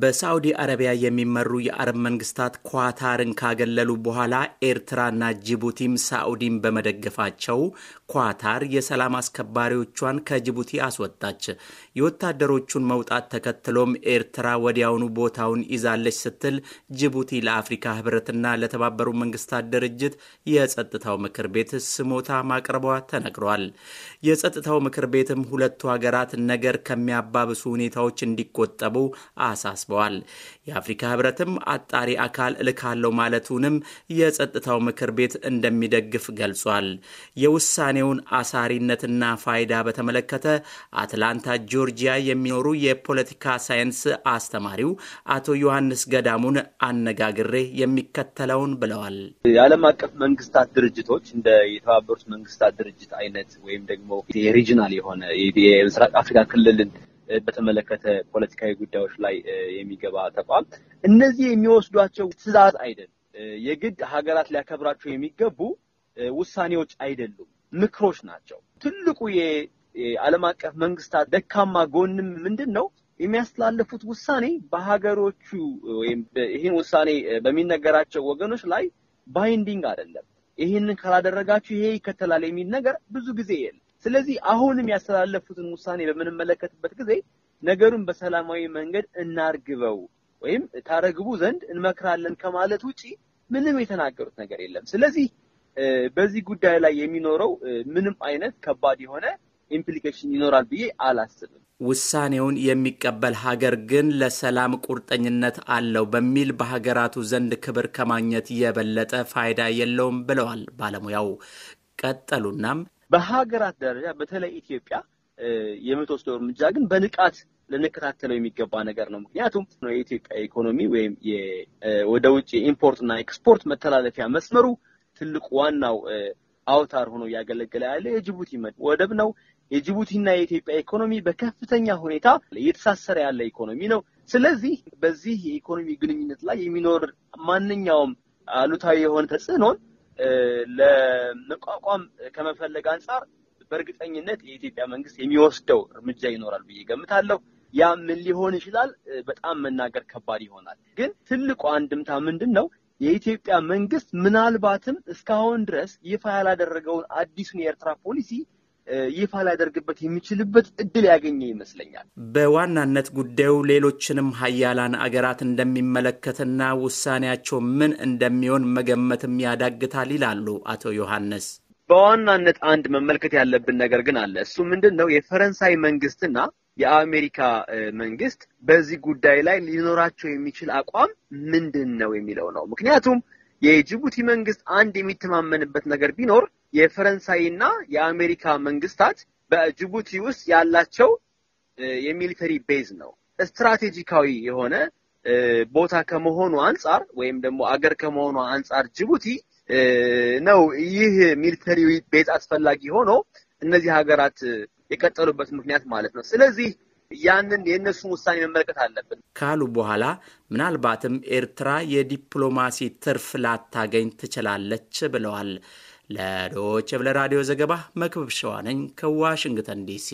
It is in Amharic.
በሳዑዲ አረቢያ የሚመሩ የአረብ መንግስታት ኳታርን ካገለሉ በኋላ ኤርትራና ጅቡቲም ሳዑዲን በመደገፋቸው ኳታር የሰላም አስከባሪዎቿን ከጅቡቲ አስወጣች። የወታደሮቹን መውጣት ተከትሎም ኤርትራ ወዲያውኑ ቦታውን ይዛለች ስትል ጅቡቲ ለአፍሪካ ህብረትና ለተባበሩ መንግስታት ድርጅት የጸጥታው ምክር ቤት ስሞታ ማቅረቧ ተነግሯል። የጸጥታው ምክር ቤትም ሁለቱ ሀገራት ነገር ከሚያባብሱ ሁኔታዎች እንዲቆጠቡ አሳ አሳስበዋል። የአፍሪካ ህብረትም አጣሪ አካል እልካለው ማለቱንም የጸጥታው ምክር ቤት እንደሚደግፍ ገልጿል። የውሳኔውን አሳሪነትና ፋይዳ በተመለከተ አትላንታ ጆርጂያ የሚኖሩ የፖለቲካ ሳይንስ አስተማሪው አቶ ዮሐንስ ገዳሙን አነጋግሬ የሚከተለውን ብለዋል። የዓለም አቀፍ መንግስታት ድርጅቶች እንደ የተባበሩት መንግስታት ድርጅት አይነት ወይም ደግሞ የሪጅናል የሆነ የምስራቅ አፍሪካ ክልልን በተመለከተ ፖለቲካዊ ጉዳዮች ላይ የሚገባ ተቋም እነዚህ የሚወስዷቸው ትዛዝ አይደል የግድ ሀገራት ሊያከብራቸው የሚገቡ ውሳኔዎች አይደሉም፣ ምክሮች ናቸው። ትልቁ የዓለም አቀፍ መንግስታት ደካማ ጎንም ምንድን ነው? የሚያስተላልፉት ውሳኔ በሀገሮቹ ወይም ይህን ውሳኔ በሚነገራቸው ወገኖች ላይ ባይንዲንግ አይደለም። ይህንን ካላደረጋችሁ ይሄ ይከተላል የሚል ነገር ብዙ ጊዜ የለም። ስለዚህ አሁንም ያስተላለፉትን ውሳኔ በምንመለከትበት ጊዜ ነገሩን በሰላማዊ መንገድ እናርግበው ወይም ታረግቡ ዘንድ እንመክራለን ከማለት ውጪ ምንም የተናገሩት ነገር የለም። ስለዚህ በዚህ ጉዳይ ላይ የሚኖረው ምንም አይነት ከባድ የሆነ ኢምፕሊኬሽን ይኖራል ብዬ አላስብም። ውሳኔውን የሚቀበል ሀገር ግን ለሰላም ቁርጠኝነት አለው በሚል በሀገራቱ ዘንድ ክብር ከማግኘት የበለጠ ፋይዳ የለውም ብለዋል ባለሙያው። ቀጠሉናም በሀገራት ደረጃ በተለይ ኢትዮጵያ የምትወስደው እርምጃ ግን በንቃት ልንከታተለው የሚገባ ነገር ነው። ምክንያቱም የኢትዮጵያ ኢኮኖሚ ወይም ወደ ውጭ የኢምፖርትና ኤክስፖርት መተላለፊያ መስመሩ ትልቁ ዋናው አውታር ሆኖ እያገለገለ ያለ የጅቡቲ ወደብ ነው። የጅቡቲና የኢትዮጵያ ኢኮኖሚ በከፍተኛ ሁኔታ እየተሳሰረ ያለ ኢኮኖሚ ነው። ስለዚህ በዚህ የኢኮኖሚ ግንኙነት ላይ የሚኖር ማንኛውም አሉታዊ የሆነ ተጽዕኖን ለመቋቋም ከመፈለግ አንጻር በእርግጠኝነት የኢትዮጵያ መንግስት የሚወስደው እርምጃ ይኖራል ብዬ ገምታለሁ። ያ ምን ሊሆን ይችላል? በጣም መናገር ከባድ ይሆናል። ግን ትልቁ አንድምታ ምንድን ነው? የኢትዮጵያ መንግስት ምናልባትም እስካሁን ድረስ ይፋ ያላደረገውን አዲሱን የኤርትራ ፖሊሲ ይፋ ላያደርግበት የሚችልበት እድል ያገኘ ይመስለኛል። በዋናነት ጉዳዩ ሌሎችንም ሀያላን አገራት እንደሚመለከትና ውሳኔያቸው ምን እንደሚሆን መገመትም ያዳግታል ይላሉ አቶ ዮሐንስ። በዋናነት አንድ መመልከት ያለብን ነገር ግን አለ። እሱ ምንድን ነው? የፈረንሳይ መንግስትና የአሜሪካ መንግስት በዚህ ጉዳይ ላይ ሊኖራቸው የሚችል አቋም ምንድን ነው የሚለው ነው። ምክንያቱም የጅቡቲ መንግስት አንድ የሚተማመንበት ነገር ቢኖር የፈረንሳይና የአሜሪካ መንግስታት በጅቡቲ ውስጥ ያላቸው የሚሊተሪ ቤዝ ነው። ስትራቴጂካዊ የሆነ ቦታ ከመሆኑ አንጻር ወይም ደግሞ አገር ከመሆኑ አንጻር ጅቡቲ ነው ይህ ሚሊተሪ ቤዝ አስፈላጊ ሆኖ እነዚህ ሀገራት የቀጠሉበት ምክንያት ማለት ነው። ስለዚህ ያንን የእነሱን ውሳኔ መመልከት አለብን ካሉ በኋላ ምናልባትም ኤርትራ የዲፕሎማሲ ትርፍ ላታገኝ ትችላለች ብለዋል። ለዶች ራዲዮ ዘገባ መክብብ ሸዋነኝ ከዋሽንግተን ዲሲ